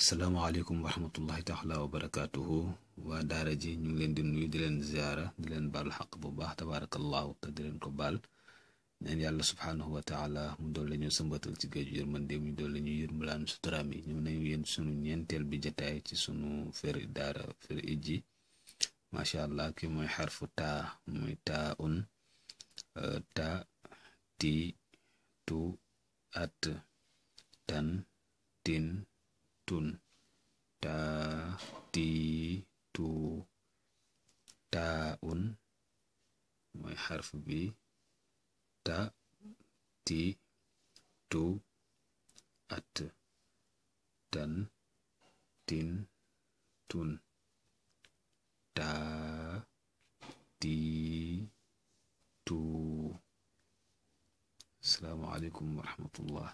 asalaamaaleykum wa rahmatullahi taala wa barakaatuhu waa daara ji ñu ngi leen di nuyu di leen ziara di leen baalu xaq bu baax tabaarakallahu te di leen ko baal ñaan yàlla subhaanahu wa taala mu doon la ñu sëmbatal ci géeju yërmandeem ñu doon la ñu yërmalaan suturaam yi ñëw nañu yéen sunu ñeenteel bi jataay ci sunu feri daara feri ijji macha allah ki mooy xarfu taa muy euh, ta ti tu at tan tin dun da di du daun mai harf bi da di du at dan din tun da di du assalamualaikum warahmatullah